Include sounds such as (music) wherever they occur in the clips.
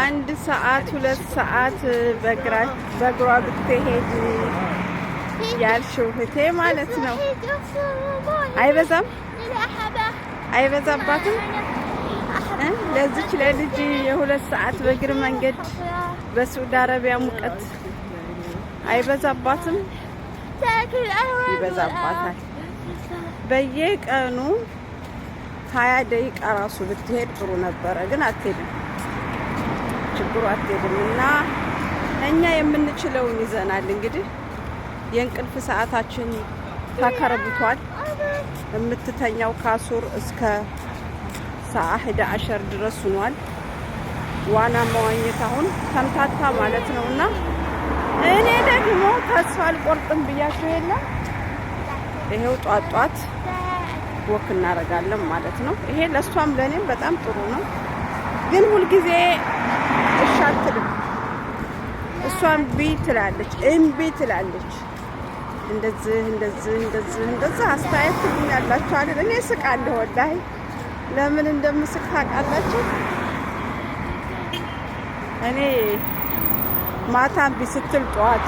አንድ ሰዓት ሁለት ሰዓት በእግሯ ብትሄድ ያልሽው እህቴ ማለት ነው። አይበዛም አይበዛባትም። ለዚች ለልጅ የሁለት ሰዓት በእግር መንገድ በሳዑዲ አረቢያ ሙቀት አይበዛባትም? ይበዛባታል። በየቀኑ ሀያ ደቂቃ ራሱ ብትሄድ ጥሩ ነበረ፣ ግን አትሄድም። ችግሩ አትሄድም እና እኛ የምንችለውን ይዘናል። እንግዲህ የእንቅልፍ ሰዓታችን ተከርብቷል። የምትተኛው ካሱር እስከ ሰዓ አሸር ድረስ ሆኗል። ዋና መዋኘት አሁን ተምታታ ማለት ነው እና እኔ ደግሞ ተስፋ አልቆርጥም ብያቸው የለም ይሄው ጧት ጧት ወክ እናደርጋለን ማለት ነው። ይሄ ለእሷም ለእኔም በጣም ጥሩ ነው ግን ሁልጊዜ አትልም። እሷን ቢ ትላለች፣ እምቢ ትላለች። እንደዚህ እንደዚህ እንደዚህ እንደዚህ አስተያየት ትሉኛላችሁ አይደል? እኔ ስቃለሁ። ወላሂ ለምን እንደምስቅ ታውቃላችሁ? እኔ ማታ እምቢ ስትል ጠዋት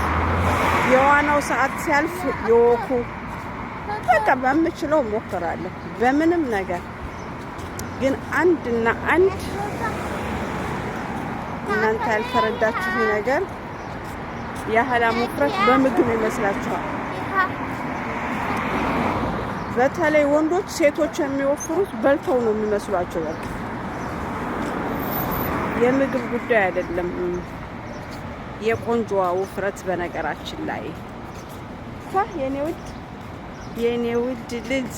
የዋናው ሰዓት ሲያልፍ የወኩ በቃ በምችለው ሞክራለሁ፣ በምንም ነገር ግን አንድና አንድ እናንተ ያልተረዳችሁ ነገር የሀላም ውፍረት በምግብ ይመስላችኋል። በተለይ ወንዶች ሴቶች የሚወፍሩት በልተው ነው የሚመስሏቸው። በቃ የምግብ ጉዳይ አይደለም። የቆንጆዋ ውፍረት በነገራችን ላይ የኔ ውድ የኔ ውድ ልጅ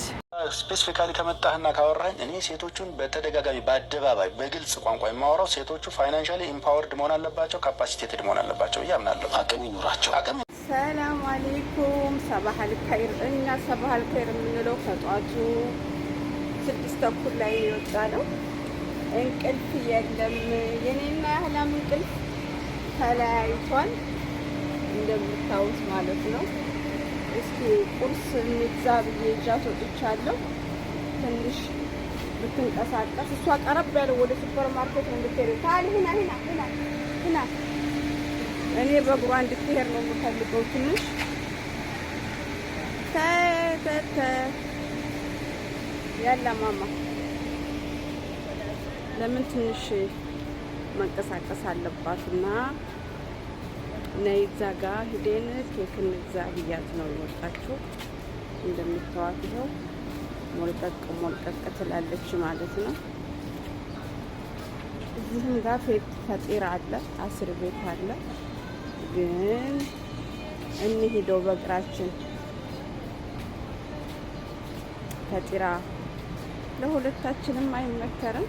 ስፔሲፊካሊ ከመጣህና ካወራኝ እኔ ሴቶቹን በተደጋጋሚ በአደባባይ በግልጽ ቋንቋ የማወራው ሴቶቹ ፋይናንሻሊ ኢምፓወርድ መሆን አለባቸው፣ ካፓሲቴትድ መሆን አለባቸው እያምናለሁ። አቅም ይኑራቸው። አቅም ሰላም አሌይኩም ሰባሀል ከይር እኛ ሰባሀል ከይር የምንለው ከጧቱ ስድስት ተኩል ላይ የወጣ ነው። እንቅልፍ የለም። የኔና ያህላም እንቅልፍ ተለያይቷል እንደምታዩት ማለት ነው። እስኪ ቁርስ እንግዛ ብዬ ይዣት ወጥቻለሁ። ትንሽ ብትንቀሳቀስ እሷ ቀረብ ያለው ወደ ሱፐር ማርኬት ነው እንድትሄድ እኔ በእግሯ እንድትሄድ ነው የምፈልገው። ትንሽ ተተተ ያለ ማማ ለምን ትንሽ መንቀሳቀስ አለባትና ነይ ጋ ሂደን ኬክ እንግዛ ብያት ነው የወጣችሁ። እንደምታዋት ይኸው ሞልቀቅ ሞልቀቅ ትላለች ማለት ነው። እዚህም ጋር ፈጢር አለ፣ አስር ቤት አለ። ግን እንሂደው በእግራችን ፈጢራ ለሁለታችንም አይመከርም።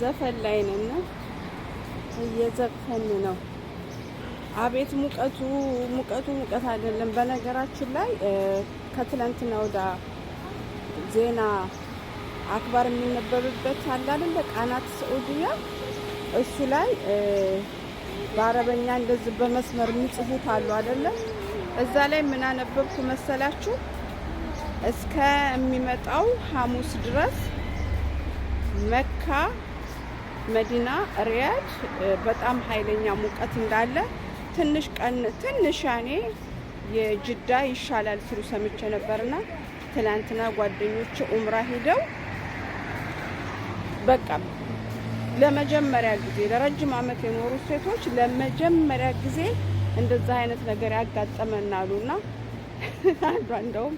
ዘፈን ላይ ነን፣ እየዘፈን ነው። አቤት ሙቀቱ ሙቀቱ ሙቀት አይደለም። በነገራችን ላይ ከትላንትና ወዳ ዜና አክባር የሚነበብበት አለ አይደለ? ቃናት ሰዑድያ እሱ ላይ በአረበኛ እንደዚህ በመስመር የሚጽፉት አሉ አይደለም? እዛ ላይ ምን አነበብኩ መሰላችሁ? እስከሚመጣው ሐሙስ ድረስ መካ መዲና ሪያድ በጣም ኃይለኛ ሙቀት እንዳለ ትንሽ ቀን ትንሽ ያኔ የጅዳ ይሻላል ሲሉ ሰምቼ ነበርና ትላንትና ጓደኞች ኡምራ ሂደው በቃ ለመጀመሪያ ጊዜ ለረጅም ዓመት የኖሩ ሴቶች ለመጀመሪያ ጊዜ እንደዛ አይነት ነገር ያጋጠመን አሉና (laughs) አንዷ እንደውም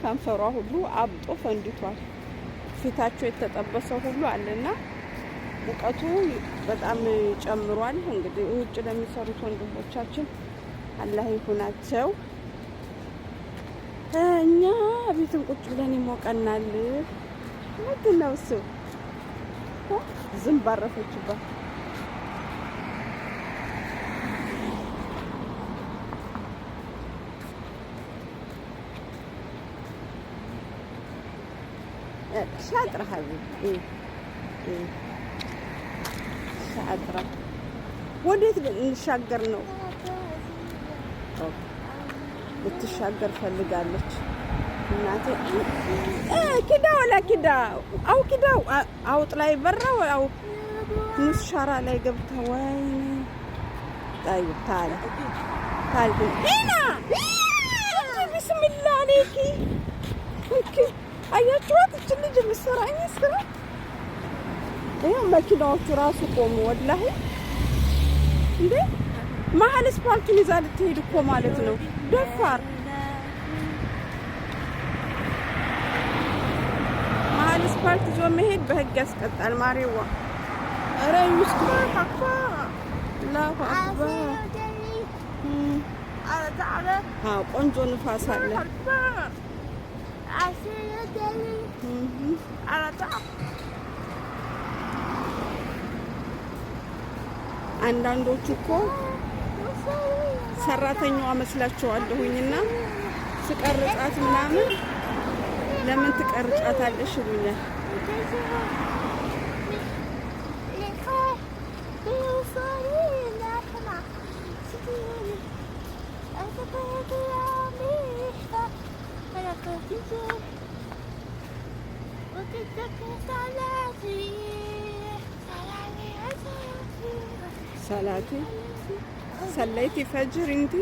ከንፈሯ ሁሉ አብጦ ፈንድቷል። ፊታቸው የተጠበሰ ሁሉ አለና ሙቀቱ በጣም ጨምሯል። እንግዲህ ውጭ ለሚሰሩት ወንድሞቻችን አላህ ይሁናቸው። እኛ ቤትን ቁጭ ብለን ይሞቀናል። ምንድን ነው እሱ ዝም ባረፈችበት ሻጥር ሀቢ ሰዓት ወዴት እንሻገር ነው? ልትሻገር ፈልጋለች እናቴ። ኪዳ ወላ ኪዳ አው ኪዳ አውጥ ላይ በራ አው ንስ ሻራ ላይ ገብታ ወይ ጣዩ ታለ ታልኩ ኢና ቢስሚላህ አለይኪ አያችኋት እችን ልጅ የምትሰራ ስራ ይሄው መኪናዎቹ ራሱ ቆሙ። ወላሂ እንዴ መሀል ስፓልቱን ይዛ ልትሄድ እኮ ማለት ነው። ደፋር መሀል ስፓልት ይዞ መሄድ በህግ ያስቀጣል። ማሬዋ ኧረ ይስኩ ታፋ ላፋ ቆንጆ ንፋስ አለ። አንዳንዶቹ እኮ ሰራተኛዋ መስላቸዋለሁኝና ስቀርጻት ምናምን ለምን ትቀርጫታለሽ ይሉኛል። ሰላቱ ሰለይቲ ፈጅር እንቲ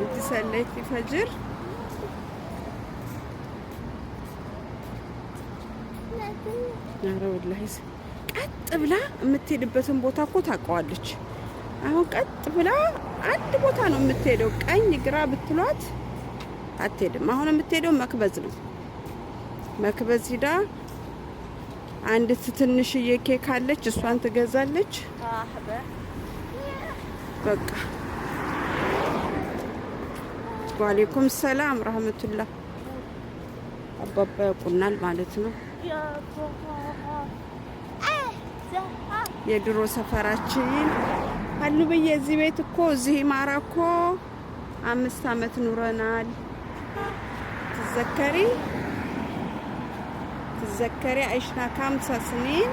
እንቲ ሰለይቲ ፈጅር ኧረ ወላሂ ቀጥ ብላ የምትሄድበትን ቦታ እኮ ታውቀዋለች። አሁን ቀጥ ብላ አንድ ቦታ ነው የምትሄደው። ቀኝ ግራ ብትሏት አትሄድም። አሁን የምትሄደው መክበዝ ነው። መክበዝ ሂዳ አንዲት ትንሽዬ ኬክ አለች፣ እሷን ትገዛለች። በቃ ዋሌኩም ሰላም ረህመቱላ አባባ ያውቁናል ማለት ነው። የድሮ ሰፈራችን አሉ ብዬ እዚህ ቤት እኮ እዚህ ማራ እኮ አምስት አመት ኑረናል። ትዘከሪ تتذكري عشنا كم سنين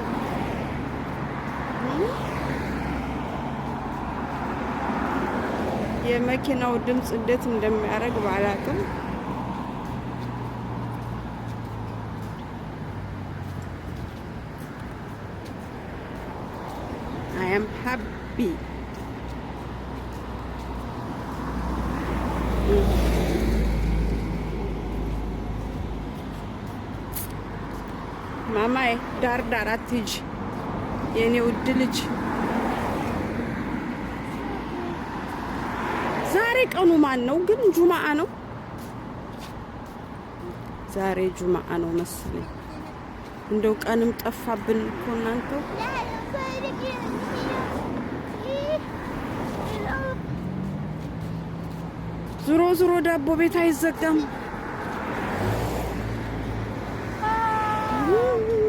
የመኪናው ድምፅ እንዴት እንደሚያደርግ ባላቅም አይ አም ሃፒ ሰማይ ዳር ዳር አትሂጂ የእኔ ውድ ልጅ። ዛሬ ቀኑ ማን ነው ግን? ጁማአ ነው ዛሬ ጁማአ ነው መሰለኝ። እንደው ቀንም ጠፋብን እኮ እናንተ። ዝሮ ዳቦ ቤት አይዘጋም። Woo!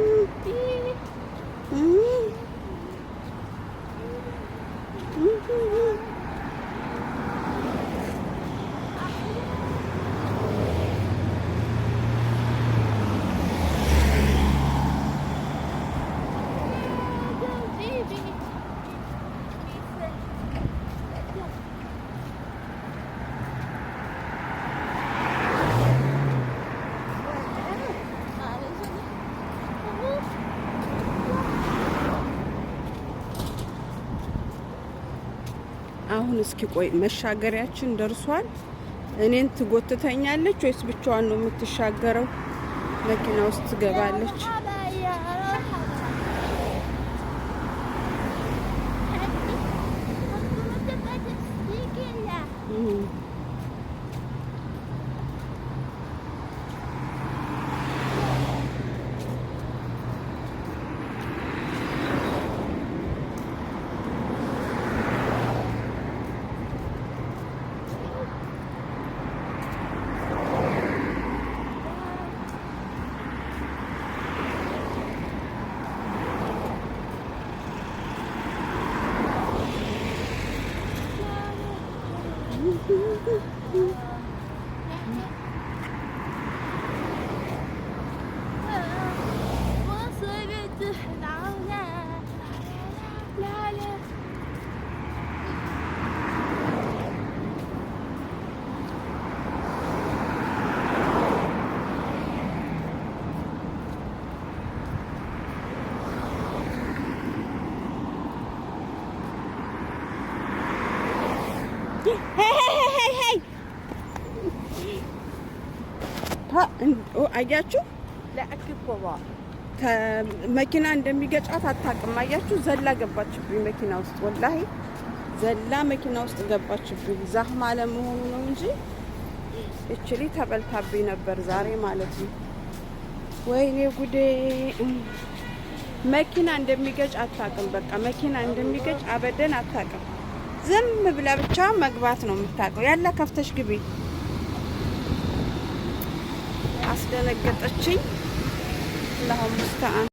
እስኪ ቆይ መሻገሪያችን ደርሷል። እኔን ትጎትተኛለች ወይስ ብቻዋን ነው የምትሻገረው? መኪና ውስጥ ትገባለች። አያችሁ፣ መኪና እንደሚገጫት አታውቅም። አያችሁ፣ ዘላ ገባችብኝ መኪና ውስጥ ወላሂ፣ ዘላ መኪና ውስጥ ገባችብኝ። ዛህማ አለመሆኑ ነው እንጂ እችሊ ተበልታብኝ ነበር ዛሬ ማለት ነው። ወይኔ ጉዴ! መኪና እንደሚገጭ አታውቅም። በቃ መኪና እንደሚገጭ አበደን አታውቅም። ዝም ብላ ብቻ መግባት ነው የምታውቀው። ያለ ከፍተሽ ግቢ። አስደነገጠችኝ። ለሁን ሙስተአን